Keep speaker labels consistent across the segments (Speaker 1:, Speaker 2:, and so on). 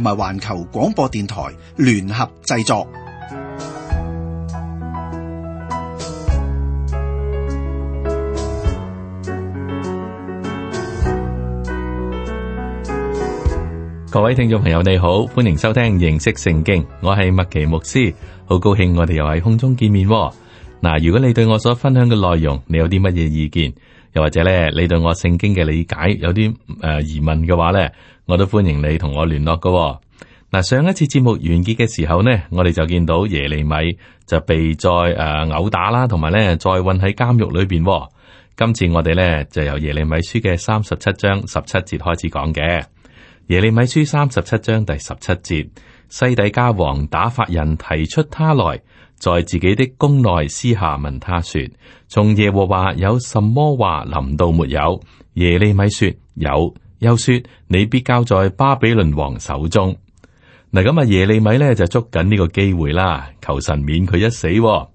Speaker 1: 同埋環球廣播電台聯合製作。各位聽眾朋友，你好，歡迎收聽認識聖經，我係麥奇牧師，好高興我哋又喺空中見面。嗱，如果你對我所分享嘅內容，你有啲乜嘢意見？又或者咧，你對我聖經嘅理解有啲誒疑問嘅話咧，我都歡迎你同我聯絡㗎。嗱，上一次節目完結嘅時候呢，我哋就見到耶利米就被再誒毆打啦，同埋咧再韞喺監獄裏邊。今次我哋咧就由耶利米書嘅三十七章十七節開始講嘅。耶利米書三十七章第十七節，西底家王打發人提出他來。在自己的宮內私下問他說：從耶和華有什麼話臨到沒有？耶利米說有，又說，你必交在巴比倫王手中。嗱咁啊，耶利米呢，就捉緊呢個機會啦，求神免佢一死，哦。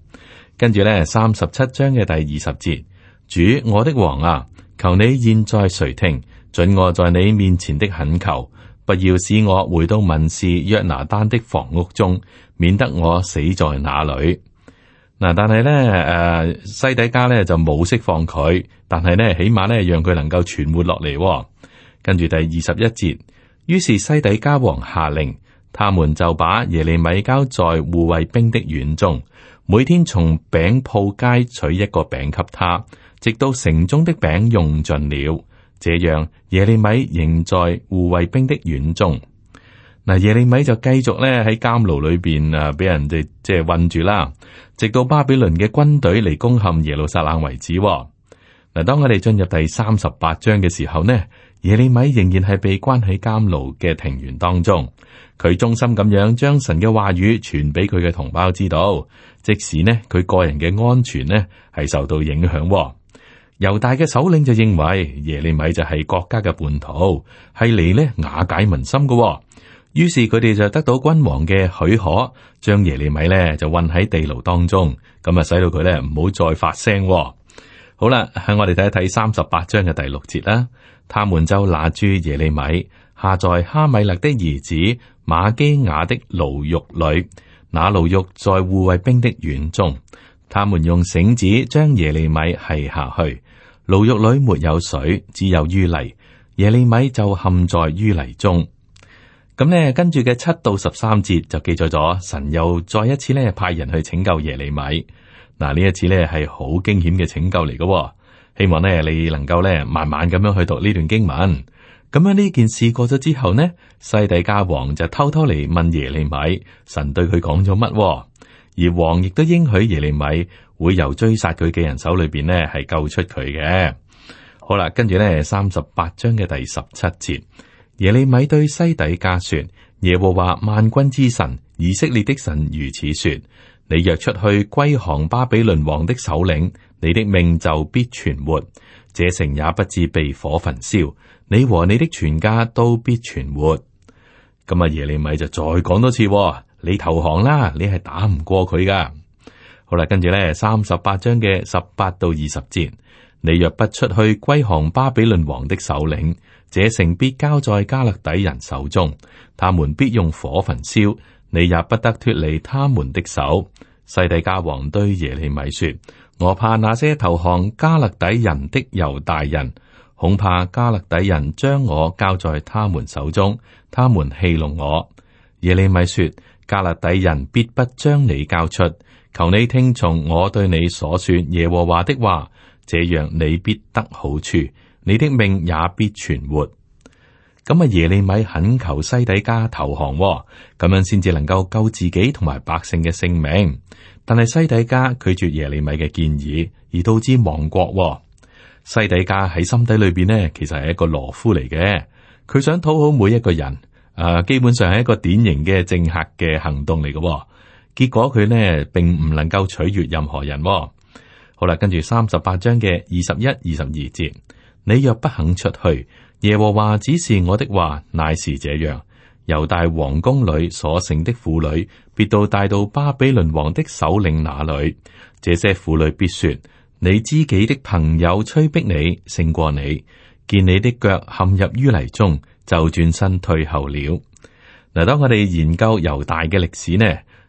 Speaker 1: 跟住呢，三十七章嘅第二十節，主我的王啊，求你現在垂聽，准我在你面前的懇求。不要使我回到文士約拿單的房屋中，免得我死在那裏。嗱，但係咧，誒，西底家咧就冇釋放佢，但係咧，起碼咧讓佢能夠存活落嚟。跟住第二十一節，於是西底家王下令，他們就把耶利米交在護衛兵的院中，每天從餅鋪街取一個餅給他，直到城中的餅用盡了。這樣，耶利米仍在護衛兵的院中。嗱，耶利米就繼續咧喺監牢裏邊啊，俾人哋即係困住啦，直到巴比倫嘅軍隊嚟攻陷耶路撒冷為止。嗱，當我哋進入第三十八章嘅時候呢，耶利米仍然係被關喺監牢嘅庭園當中，佢忠心咁樣將神嘅話語傳俾佢嘅同胞知道，即使呢佢個人嘅安全呢係受到影響。猶大嘅首領就認為耶利米就係國家嘅叛徒，係嚟呢瓦解民心嘅、哦。於是佢哋就得到君王嘅許可，將耶利米呢就韞喺地牢當中，咁啊使到佢呢唔好再發聲、哦。好啦，喺我哋睇一睇三十八章嘅第六節啦。他們就拿住耶利米，下在哈米勒的兒子瑪基雅的牢獄裏，那牢獄在護衛兵的院中。他們用繩子將耶利米繫下去。牢獄裏沒有水，只有淤泥。耶利米就陷在淤泥中。咁、嗯、呢，跟住嘅七到十三節就記載咗，神又再一次咧派人去拯救耶利米。嗱，呢一次咧係好驚險嘅拯救嚟嘅。希望咧你能夠咧慢慢咁樣去讀呢段經文。咁樣呢件事過咗之後呢，西底家王就偷偷嚟問耶利米，神對佢講咗乜？而王亦都應許耶利米。會由追殺佢嘅人手裏邊咧係救出佢嘅。好啦，跟住咧三十八章嘅第十七節，耶利米對西底家說，耶和華萬軍之神，以色列的神如此說：你若出去歸降巴比倫王的首領，你的命就必存活，這城也不至被火焚燒，你和你的全家都必存活。咁啊，耶利米就再講多次：你投降啦，你係打唔過佢噶。好啦，跟住咧，三十八章嘅十八到二十節，你若不出去歸降巴比倫王的首領，這城必交在加勒底人手中，他們必用火焚燒，你也不得脫離他們的手。西底家王對耶利米說：我怕那些投降加勒底人的猶大人，恐怕加勒底人將我交在他們手中，他們戲弄我。耶利米說：加勒底人必不將你交出。求你聽從我對你所說耶和華的話，這樣你必得好處，你的命也必存活。咁啊耶利米懇求西底家投降、哦，咁樣先至能夠救自己同埋百姓嘅性命。但係西底家拒絕耶利米嘅建議，而導致亡國、哦。西底家喺心底裏邊呢，其實係一個懦夫嚟嘅，佢想討好每一個人。啊、呃，基本上係一個典型嘅政客嘅行動嚟嘅、哦。結果佢呢並唔能夠取悦任何人、哦。好啦，跟住三十八章嘅二十一、二十二節， 你若不肯出去，耶和華指示我的話，乃是這樣：猶大王宮裏所剩的婦女，必都帶到巴比倫王的首領那裏。這些婦女必說：你知己的朋友催逼你勝過你，見你的腳陷入淤泥中，就轉身退後了。嗱，當我哋研究猶大嘅歷史呢，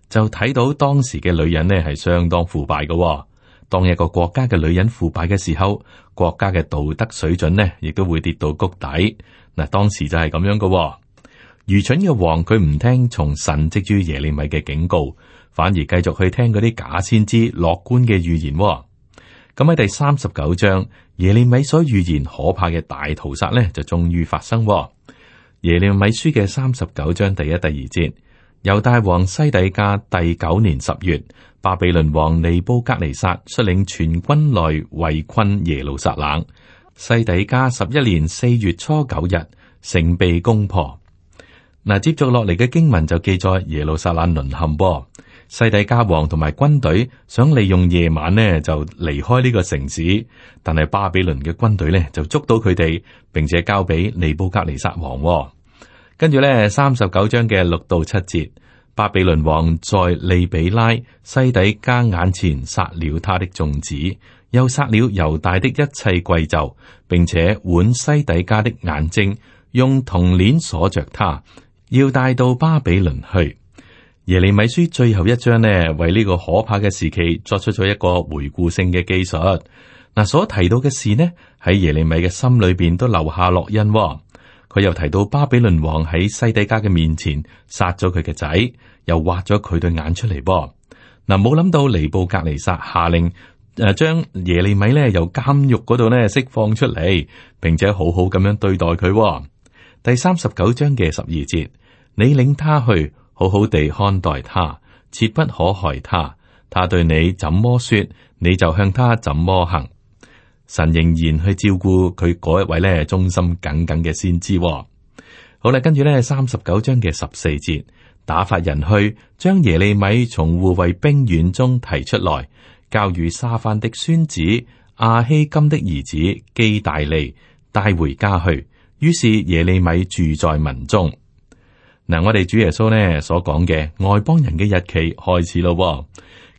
Speaker 1: 就睇到當時嘅女人呢係相當腐敗嘅、哦。當一個國家嘅女人腐敗嘅時候，國家嘅道德水準呢亦都會跌到谷底。嗱，當時就係咁樣嘅、哦。愚蠢嘅王佢唔聽從神藉住耶利米嘅警告，反而繼續去聽嗰啲假先知樂觀嘅預言、哦。咁喺第三十九章，耶利米所預言可怕嘅大屠殺呢，就終於發生、哦。耶利米書嘅三十九章第一第二節。猶大王西底家第九年十月，巴比倫王尼布格尼撒率領全軍來圍困耶路撒冷。西底家十一年四月初九日，城被攻破。嗱，接續落嚟嘅經文就記載耶路撒冷淪陷波。波，西底家王同埋軍隊想利用夜晚呢就離開呢個城市，但係巴比倫嘅軍隊呢就捉到佢哋，並且交俾尼布格尼撒王。跟住咧，三十九章嘅六到七節，巴比倫王在利比拉西底加眼前殺了他的眾子，又殺了猶大的一切貴胄，並且剜西底加的眼睛，用銅鏈鎖着他，要帶到巴比倫去。耶利米書最後一章呢，為呢個可怕嘅時期作出咗一個回顧性嘅記述。嗱、啊，所提到嘅事呢，喺耶利米嘅心裏邊都留下烙印、哦。佢又提到巴比倫王喺西底家嘅面前殺咗佢嘅仔，又挖咗佢對眼出嚟噃。嗱，冇諗到尼布甲尼撒下令誒，將耶利米咧由監獄嗰度咧釋放出嚟，並且好好咁樣對待佢。第三十九章嘅十二節，你領他去，好好地看待他，切不可害他。他對你怎麼說，你就向他怎麼行。神仍然去照顧佢嗰一位咧，忠心耿耿嘅先知，哦。好啦，跟住咧三十九章嘅十四節，打發人去將耶利米從護衛兵院中提出來，交與沙番的孫子亞希甘的兒子基大利帶回家去。於是耶利米住在民中。嗱，我哋主耶穌呢所講嘅外邦人嘅日期開始咯，哦。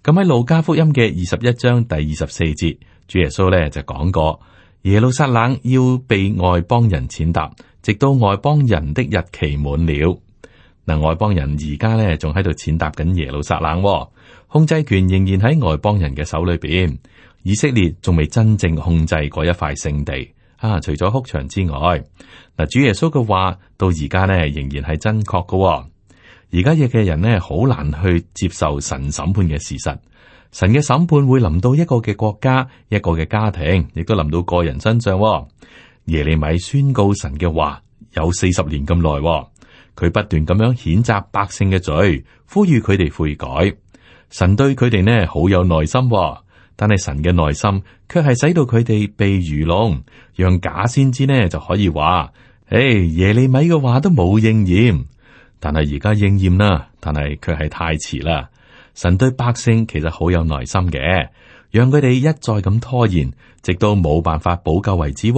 Speaker 1: 咁，嗯、喺路加福音嘅二十一章第二十四節。主耶穌咧就講過，耶路撒冷要被外邦人踐踏，直到外邦人的日期滿了。嗱，外邦人而家咧仲喺度踐踏緊耶路撒冷，控制權仍然喺外邦人嘅手裏邊。以色列仲未真正控制過一塊聖地啊！除咗哭牆之外，嗱，主耶穌嘅話到而家咧仍然係真確嘅。而家嘢嘅人呢，好難去接受神審判嘅事實。神嘅審判會臨到一個嘅國家、一個嘅家庭，亦都臨到個人身上，哦。耶利米宣告神嘅話有四十年咁耐，哦，佢不斷咁樣譴責百姓嘅罪，呼籲佢哋悔改。神對佢哋呢好有耐心，哦，但係神嘅耐心卻係使到佢哋被愚弄，讓假先知呢就可以話：誒，耶利米嘅話都冇應驗。但係而家應驗啦，但係佢係太遲啦。神對百姓其實好有耐心嘅，讓佢哋一再咁拖延，直到冇辦法補救為止。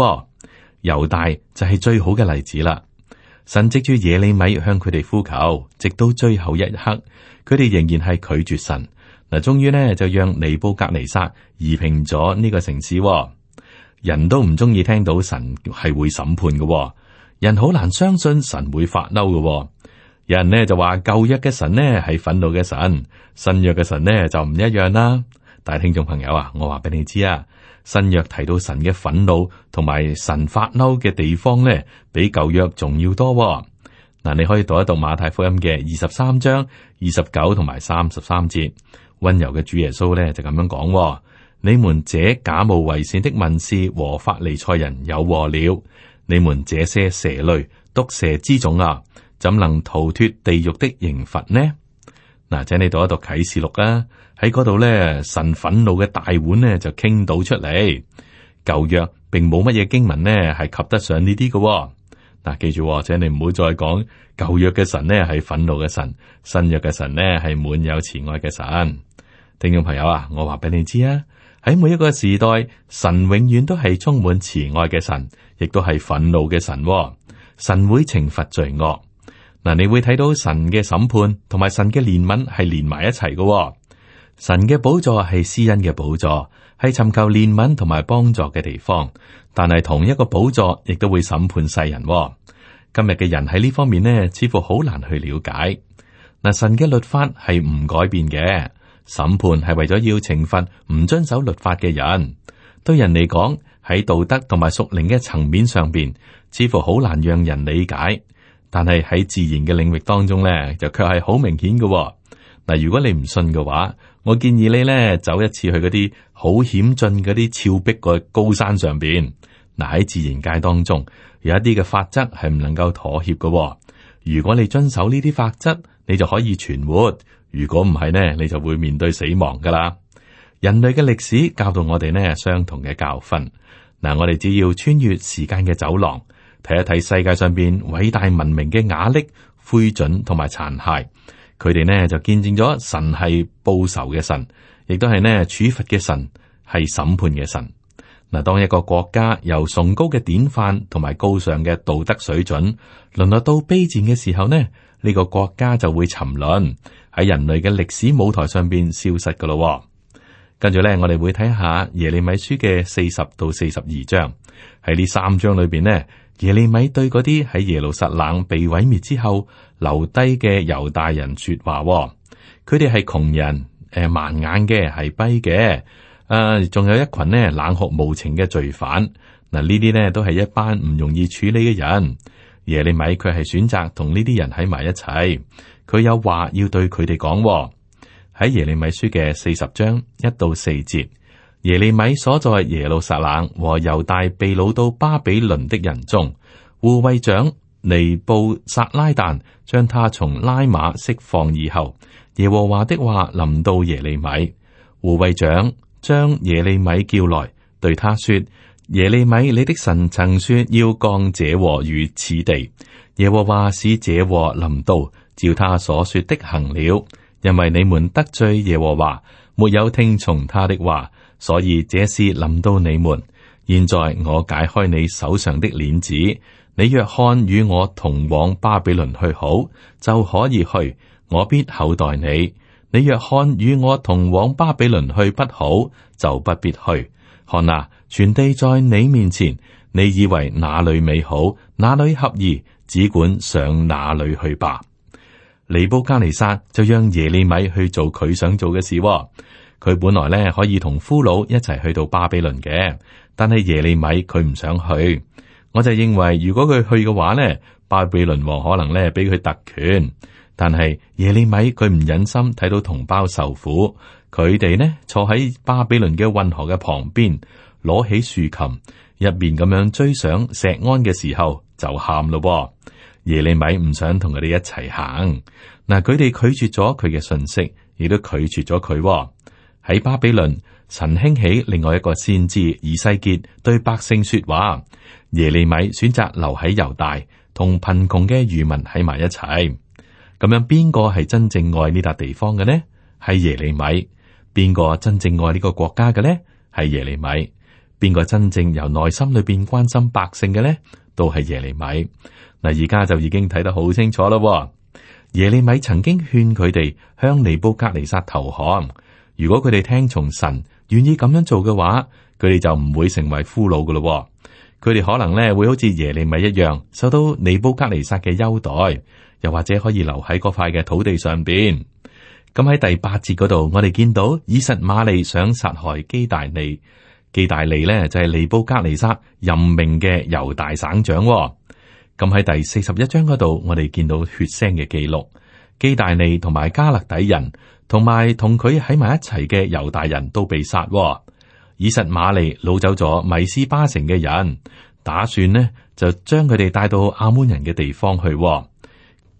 Speaker 1: 猶大就係最好嘅例子啦。神藉住耶利米向佢哋呼求，直到最後一刻，佢哋仍然係拒絕神。嗱，終於咧就讓尼布甲尼撒夷平咗呢個城市。人都唔中意聽到神係會審判嘅，人好難相信神會發嬲嘅。有人咧就話舊約嘅神咧係憤怒嘅神，新約嘅神咧就唔一樣啦。但係聽眾朋友啊，我話俾你知啊，新約提到神嘅憤怒同埋神發嬲嘅地方咧，比舊約仲要多。嗱，你可以讀一讀馬太福音嘅二十三章二十九同埋三十三節，溫柔嘅主耶穌咧就咁樣講：你們這假冒為善的文士和法利賽人有禍了！你們這些蛇類毒蛇之種啊！怎能逃脫地獄的刑罰呢？嗱，請你讀一讀啟示錄啦。喺嗰度咧，神憤怒嘅大碗咧就傾倒出嚟。舊約並冇乜嘢經文咧係及得上呢啲嘅。嗱，記住，請你唔好再講舊約嘅神咧係憤怒嘅神，新約嘅神咧係滿有慈愛嘅神。聽眾朋友啊，我話俾你知啊，喺每一個時代，神永遠都係充滿慈愛嘅神，亦都係憤怒嘅神。神會懲罰罪惡。嗱，你會睇到神嘅審判同埋神嘅憐憫係連埋一齊嘅、哦。神嘅寶座係施恩嘅寶座，係尋求憐憫同埋幫助嘅地方。但係同一個寶座亦都會審判世人、哦。今日嘅人喺呢方面呢，似乎好難去了解。嗱，神嘅律法係唔改變嘅，審判係為咗要懲罰唔遵守律法嘅人。對人嚟講，喺道德同埋屬靈嘅層面上邊，似乎好難讓人理解。但係喺自然嘅領域當中咧，就卻係好明顯嘅。嗱，如果你唔信嘅話，我建議你咧，走一次去嗰啲好險峻嗰啲峭壁嘅高山上邊。嗱、呃，喺自然界當中有一啲嘅法則係唔能夠妥協嘅、哦。如果你遵守呢啲法則，你就可以存活；如果唔係呢，你就會面對死亡噶啦。人類嘅歷史教導我哋咧相同嘅教訓。嗱、呃，我哋只要穿越時間嘅走廊。睇一睇世界上邊偉大文明嘅瓦礫、灰燼同埋殘骸，佢哋呢就見證咗神係報仇嘅神，亦都係呢處罰嘅神，係審判嘅神。嗱，當一個國家由崇高嘅典範同埋高尚嘅道德水準淪落到卑賤嘅時候呢，呢、呢個國家就會沉淪喺人類嘅歷史舞台上邊消失噶咯。跟住呢，我哋會睇下耶利米書嘅四十到四十二章，喺呢三章裏邊呢。耶利米對嗰啲喺耶路撒冷被毀滅之後留低嘅猶大人說話。哦，佢哋係窮人，誒、呃、盲眼嘅，係跛嘅，誒、呃、仲有一群咧冷酷無情嘅罪犯，嗱，呢啲咧都係一班唔容易處理嘅人。耶利米佢係選擇同呢啲人喺埋一齊，佢有話要對佢哋講喎，喺耶利米書嘅四十章一到四節。耶利米所在耶路撒冷和猶大被擄到巴比倫的人中，護衛長尼布撒拉旦將他從拉馬釋放以後，耶和華的話臨到耶利米。護衛長將耶利米叫來，對他說：耶利米，你的神曾說要降這禍於此地。耶和華使這禍臨到，照他所說的行了，因為你們得罪耶和華，沒有聽從他的話。所以這事臨到你們，現在我解開你手上的鏈子。你若看與我同往巴比倫去好，就可以去，我必厚待你。你若看與我同往巴比倫去不好，就不必去。看啊，全地在你面前，你以為哪裏美好，哪裏合意，只管上哪裏去吧。尼布加尼撒就讓耶利米去做佢想做嘅事，哦。佢本來咧可以同俘虜一齊去到巴比倫嘅，但係耶利米佢唔想去。我就認為如果佢去嘅話咧，巴比倫王可能咧俾佢特權，但係耶利米佢唔忍心睇到同胞受苦。佢哋咧坐喺巴比倫嘅運河嘅旁邊，攞起豎琴，入面咁樣追上錫安嘅時候就喊咯。耶利米唔想同佢哋一齊行，嗱，佢哋拒絕咗佢嘅信息，亦都拒絕咗佢哦。喺巴比倫，曾興起另外一個先知以西結對百姓說話。耶利米選擇留喺猶大，同貧窮嘅漁民喺埋一齊。咁樣邊個係真正愛呢笪地方嘅呢？係耶利米。邊個真正愛呢個國家嘅呢？係耶利米。邊個真正由內心裏邊關心百姓嘅呢？都係耶利米。嗱，而家就已經睇得好清楚咯。耶利米曾經勸佢哋向尼布格尼撒投降。如果佢哋聽從神願意咁樣做嘅話，佢哋就唔會成為俘虜噶咯。佢哋可能咧會好似耶利米一樣，受到尼布加尼撒嘅優待，又或者可以留喺嗰塊嘅土地上邊。咁、嗯、喺第八節嗰度，我哋見到以實瑪利想殺害基大利，基大利呢就係尼布加尼撒任命嘅猶大省長。咁、嗯、喺、嗯、第四十一章嗰度，我哋見到血腥嘅記錄，基大利同埋加勒底人。同埋同佢喺埋一齊嘅猶大人都被殺、哦，以實瑪利擄走咗米斯巴城嘅人，打算呢就將佢哋帶到阿門人嘅地方去、哦。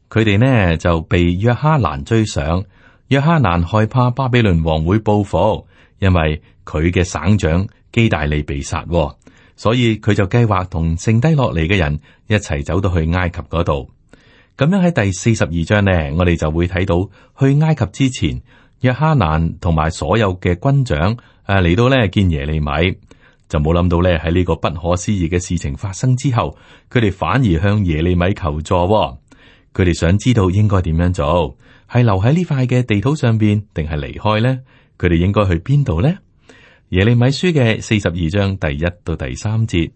Speaker 1: 佢哋呢就被約哈難追上，約哈難害怕巴比倫王會報復，因為佢嘅省長基大利被殺、哦，所以佢就計劃同剩低落嚟嘅人一齊走到去埃及嗰度。咁樣，喺第四十二章呢，我哋就會睇到去埃及之前，約哈難同埋所有嘅軍長誒嚟到呢，見耶利米，就冇諗到呢，喺呢個不可思議嘅事情發生之後，佢哋反而向耶利米求助哦。佢哋想知道應該點樣做，係留喺呢塊嘅地圖上邊，定係離開呢？佢哋應該去邊度呢？耶利米書嘅四十二章第一到第三節，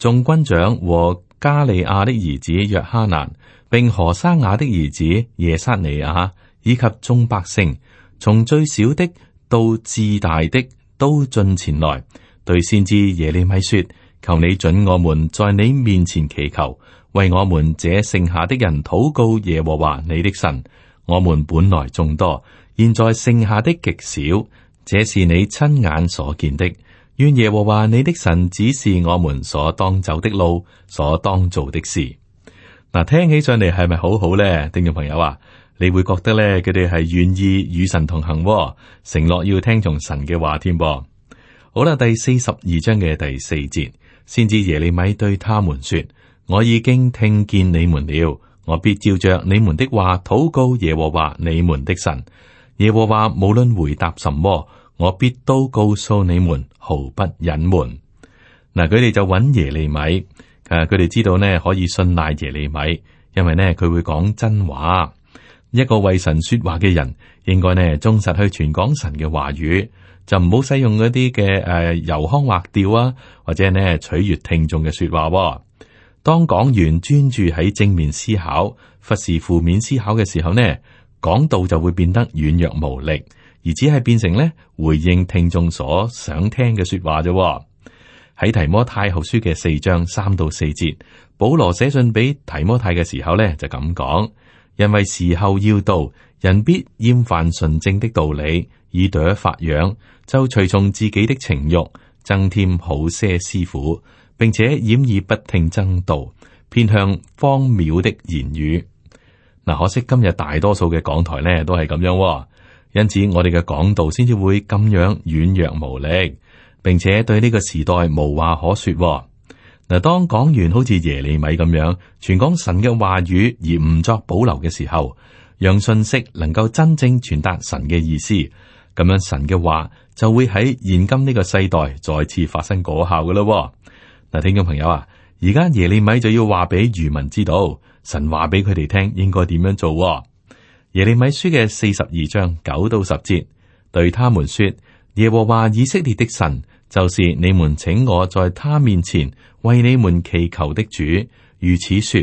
Speaker 1: 眾軍長和加利亞的兒子約哈難。並何沙雅的兒子耶撒尼亞以及眾百姓，從最小的到至大的，都進前來，對先知耶利米說：求你准我們在你面前祈求，為我們這剩下的人禱告耶和華你的神。我們本來眾多，現在剩下的極少，這是你親眼所見的。願耶和華你的神指示我們所當走的路，所當做的事。嗱，聽起上嚟係咪好好咧？聽眾朋友啊，你會覺得咧佢哋係願意與神同行，承諾要聽從神嘅話添噃。好啦，第四十二章嘅第四節，先知耶利米對他們說：我已經聽見你們了，我必照着你們的話禱告耶和華你們的神。耶和華無論回答什麼，我必都告訴你們，毫不隱瞞。嗱，佢哋就揾耶利米。誒，佢哋知道呢，可以信賴耶利米，因為呢，佢會講真話。一個為神說話嘅人，應該呢，忠實去傳講神嘅話語，就唔好使用嗰啲嘅誒油腔滑調啊，或者呢，取悅聽眾嘅說話。當講員專注喺正面思考，忽視負面思考嘅時候呢，講道就會變得軟弱無力，而只係變成呢，回應聽眾所想聽嘅說話啫。喺提摩太後書嘅四章三到四節，保羅寫信俾提摩太嘅時候呢，就咁講，因為時候要到，人必厭煩純正的道理，耳朵發癢，就隨從自己的情欲，增添好些師傅，並且掩耳不聽真道，偏向荒謬的言語。嗱，可惜今日大多數嘅講台呢，都係咁樣，因此我哋嘅講道先至會咁樣軟弱無力。並且對呢個時代無話可說，哦。嗱，當講完好似耶利米咁樣，全講神嘅話語而唔作保留嘅時候，讓信息能夠真正傳達神嘅意思，咁樣神嘅話就會喺現今呢個世代再次發生果效噶啦。嗱，聽眾朋友啊，而家耶利米就要話俾漁民知道，神話俾佢哋聽應該點樣做，哦。耶利米書嘅四十二章九到十節，對他們說。耶和華以色列的神就是你們請我在他面前為你們祈求的主，如此說：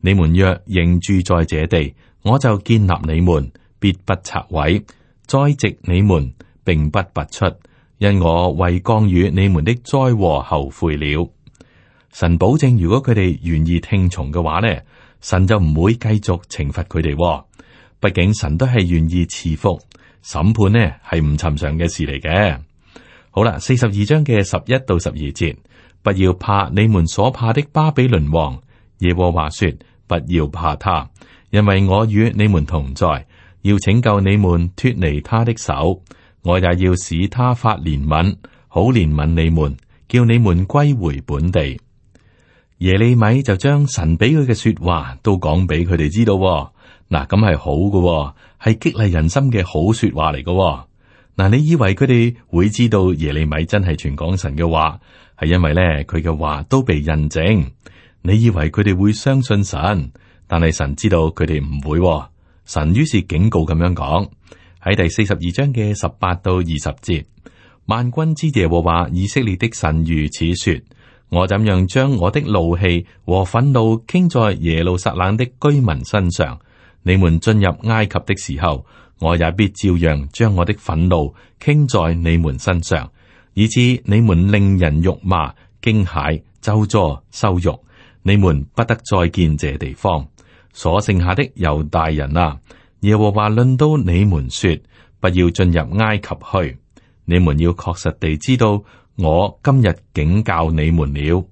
Speaker 1: 你們若仍住在這地，我就建立你們，必不拆毀；栽植你們，並不拔出，因我為降與你們的災禍後悔了。神保證，如果佢哋願意聽從嘅話呢，神就唔會繼續懲罰佢哋。畢竟神都係願意賜福。審判呢係唔尋常嘅事嚟嘅。好啦，四十二章嘅十一到十二節，不要怕你們所怕的巴比倫王。耶和華說：不要怕他，因為我與你們同在，要拯救你們脫離他的手。我也要使他發憐憫，好憐憫你們，叫你們歸回本地。耶利米就將神俾佢嘅說話都講俾佢哋知道。嗱，咁係好嘅，係激勵人心嘅好說話嚟嘅。嗱，你以為佢哋會知道耶利米真係傳講神嘅話，係因為咧佢嘅話都被印證。你以為佢哋會相信神，但係神知道佢哋唔會。神於是警告咁樣講喺第四十二章嘅十八到二十節：，萬軍之耶和華以色列的神如此說：，我怎樣將我的怒氣和憤怒傾在耶路撒冷的居民身上？你們進入埃及的時候，我也必照樣將我的憤怒傾在你們身上，以致你們令人辱罵、驚駭、咒詛、羞辱，你們不得再見這地方。所剩下的猶大人啊，耶和華論到你們說：不要進入埃及去。你們要確實地知道，我今日警教你們了。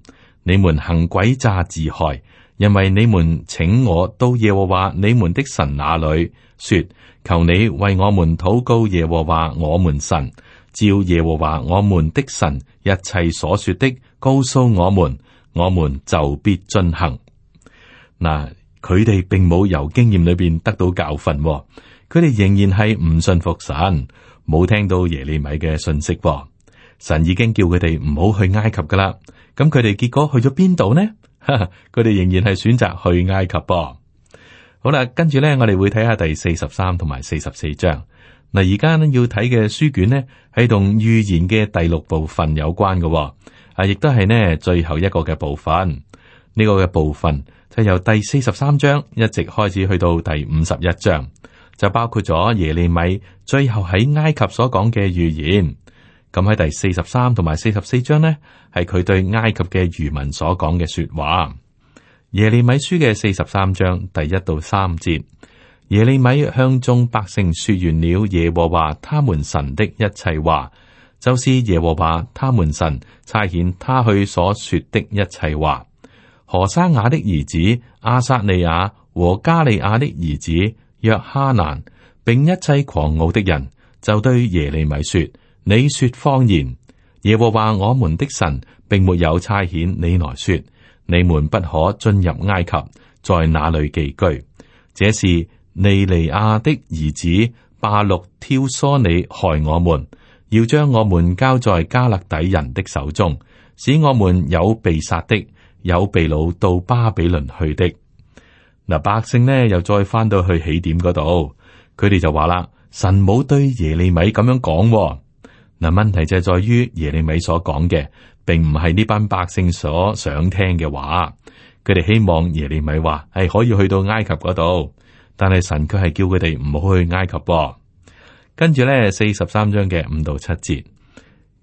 Speaker 1: 你們行詭詐、自害。因為你們請我到耶和華你們的神那裏，說：求你為我們禱告耶和華我們神，照耶和華我們的神一切所說的，告訴我們，我們就必進行。嗱、呃，佢哋並冇由經驗裏邊得到教訓，佢、喎、哋仍然係唔信服神，冇聽到耶利米嘅信息、喎。神已經叫佢哋唔好去埃及噶啦，咁佢哋結果去咗邊度呢？佢哋 仍然係選擇去埃及噃，好啦，跟住咧，我哋會睇下第四十三同埋四十四章。嗱，而家咧，要睇嘅書卷呢，係同預言嘅第六部分有關嘅，啊，亦都係呢最後一個嘅部分。呢個嘅部分就由第四十三章一直開始去到第五十一章，就包括咗耶利米最後喺埃及所講嘅預言。咁喺第四十三同埋四十四章呢，係佢對埃及嘅漁民所講嘅說話。耶利米書嘅四十三章第一到三節，耶利米向眾百姓說完了耶和華他們神的一切話，就是耶和華他們神差遣他去所說的一切話。何沙雅的兒子阿撒利亞和加利亞的兒子約哈難，並一切狂傲的人，就對耶利米說。你說謊言，耶和華我們的神並沒有差遣你來說，你們不可進入埃及，在那裏寄居。這是尼利亞的兒子巴錄挑唆你害我們，要將我們交在迦勒底人的手中，使我們有被殺的，有被擄到巴比倫去的。嗱，百姓呢又再翻到去起點嗰度，佢哋就話啦：神冇對耶利米咁樣講啊。嗱，問題就係在於耶利米所講嘅，並唔係呢班百姓所想聽嘅話。佢哋希望耶利米話係可以去到埃及嗰度，但係神卻係叫佢哋唔好去埃及噃，啊。跟住咧，四十三章嘅五到七節，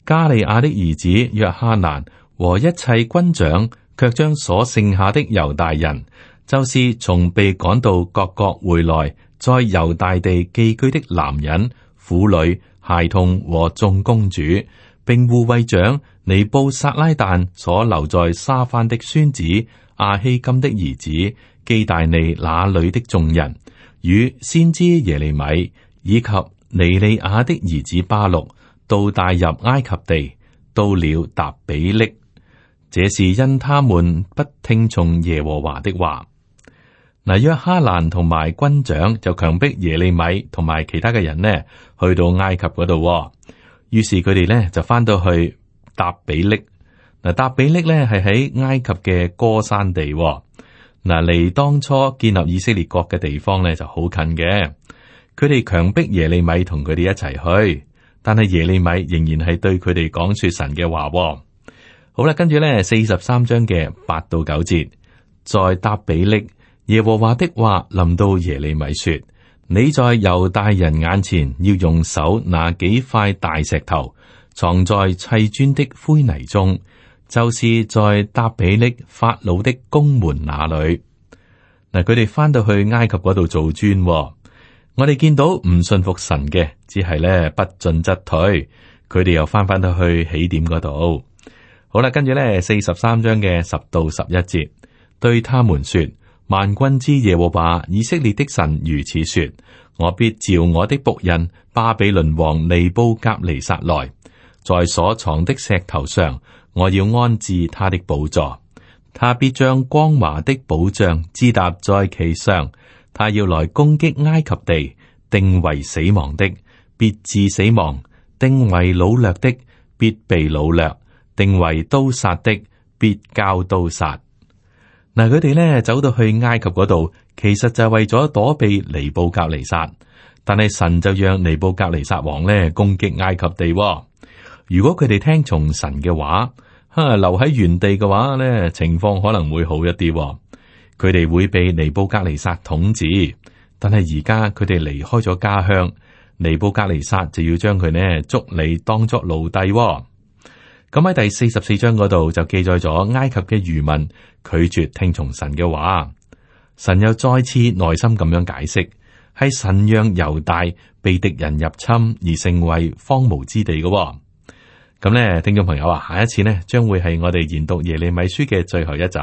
Speaker 1: 加利亞的兒子約哈蘭和一切軍長，卻將所剩下的猶大人，就是從被趕到各國回來，在猶大地寄居的男人。婦女、孩童和眾公主，並護衛長尼布撒拉旦所留在沙番的孫子亞希甘的兒子基大利那裡的眾人，與先知耶利米以及尼利亞的兒子巴錄，都帶入埃及地，到了達比勒。這是因他們不聽從耶和華的話。嗱，約哈蘭同埋軍長就強迫耶利米同埋其他嘅人呢，去到埃及嗰度。於是佢哋呢就翻到去搭比匿。嗱，搭比匿呢係喺埃及嘅歌山地，嗱，離當初建立以色列國嘅地方呢就好近嘅。佢哋強迫耶利米同佢哋一齊去，但係耶利米仍然係對佢哋講說神嘅話。好啦，跟住呢四十三章嘅八到九節，再搭比匿。耶和華的話臨到耶利米說：你在猶大人眼前要用手拿幾塊大石頭，藏在砌磚的灰泥中，就是在答比匿法老的宮門那裡。嗱，佢哋翻到去埃及嗰度做磚。我哋見到唔信服神嘅，只係咧不進則退。佢哋又翻翻到去起點嗰度。好啦，跟住咧四十三章嘅十到十一節，對他們說。萬軍之耶和華以色列的神如此說：我必召我的僕人巴比倫王尼布甲尼撒來，在所藏的石頭上，我要安置他的寶座。他必將光華的寶帳支搭在其上。他要來攻擊埃及地，定為死亡的，必致死亡；定為擄掠的，必被擄掠；定為刀殺的，必交刀殺。嗱，佢哋咧走到去埃及嗰度，其實就係為咗躲避尼布甲尼撒，但係神就讓尼布甲尼撒王咧攻擊埃及地。如果佢哋聽從神嘅話，吓、啊、留喺原地嘅話咧，情況可能會好一啲。佢哋會被尼布甲尼撒統治，但係而家佢哋離開咗家鄉，尼布甲尼撒就要將佢呢捉嚟當作奴隸。咁喺第四十四章嗰度就記載咗埃及嘅愚民拒絕聽從神嘅話，神又再次耐心咁樣解釋，係神讓猶大被敵人入侵而成為荒蕪之地嘅，哦。咁呢，聽眾朋友啊，下一次呢將會係我哋研讀耶利米書嘅最後一集，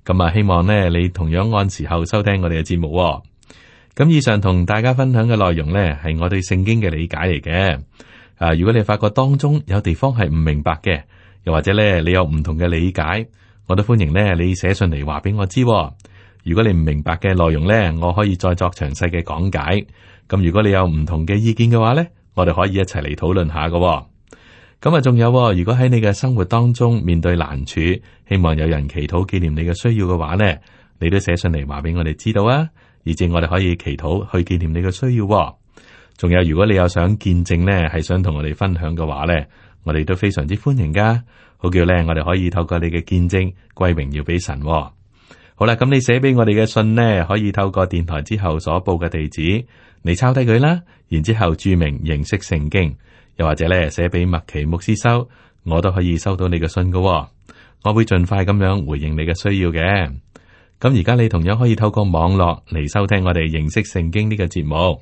Speaker 1: 咁啊，希望呢你同樣按時候收聽我哋嘅節目，哦。咁以上同大家分享嘅內容呢，係我對聖經嘅理解嚟嘅。啊！如果你發覺當中有地方係唔明白嘅，又或者咧你有唔同嘅理解，我都歡迎咧你寫信嚟話俾我知。如果你唔明白嘅內容咧，我可以再作詳細嘅講解。咁如果你有唔同嘅意見嘅話咧，我哋可以一齊嚟討論下㗎。咁啊，仲有，如果喺你嘅生活當中面對難處，希望有人祈禱紀念你嘅需要嘅話咧，你都寫信嚟話俾我哋知道啊，以至我哋可以祈禱去紀念你嘅需要。仲有，如果你有想見證呢，係想同我哋分享嘅話呢，我哋都非常之歡迎噶。好叫呢，我哋可以透過你嘅見證歸榮耀俾神喎。好啦，咁你寫俾我哋嘅信呢，可以透過電台之後所報嘅地址，你抄低佢啦。然之後注明認識聖經，又或者呢，寫俾麥奇牧師收，我都可以收到你嘅信噶喎。我會盡快咁樣回應你嘅需要嘅。咁而家你同樣可以透過網絡嚟收聽我哋認識聖經呢個節目。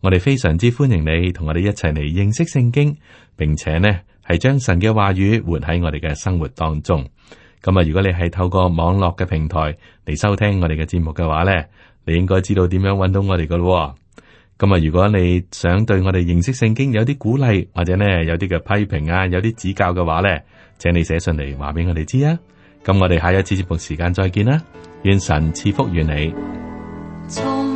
Speaker 1: 我哋非常之歡迎你同我哋一齊嚟認識聖經，並且呢係將神嘅話語活喺我哋嘅生活當中。咁啊，如果你係透過網絡嘅平台嚟收聽我哋嘅節目嘅話呢，你應該知道點樣揾到我哋噶咯。咁啊，如果你想對我哋認識聖經有啲鼓勵，或者呢有啲嘅批評啊，有啲指教嘅話呢，請你寫信嚟話俾我哋知啊。咁我哋下一次節目時間再見啦，願神賜福於你。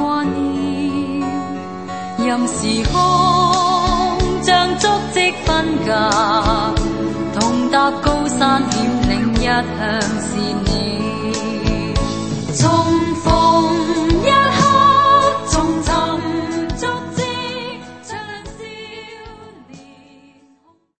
Speaker 1: 任時空將足跡分隔，同達高山險嶺，一向是。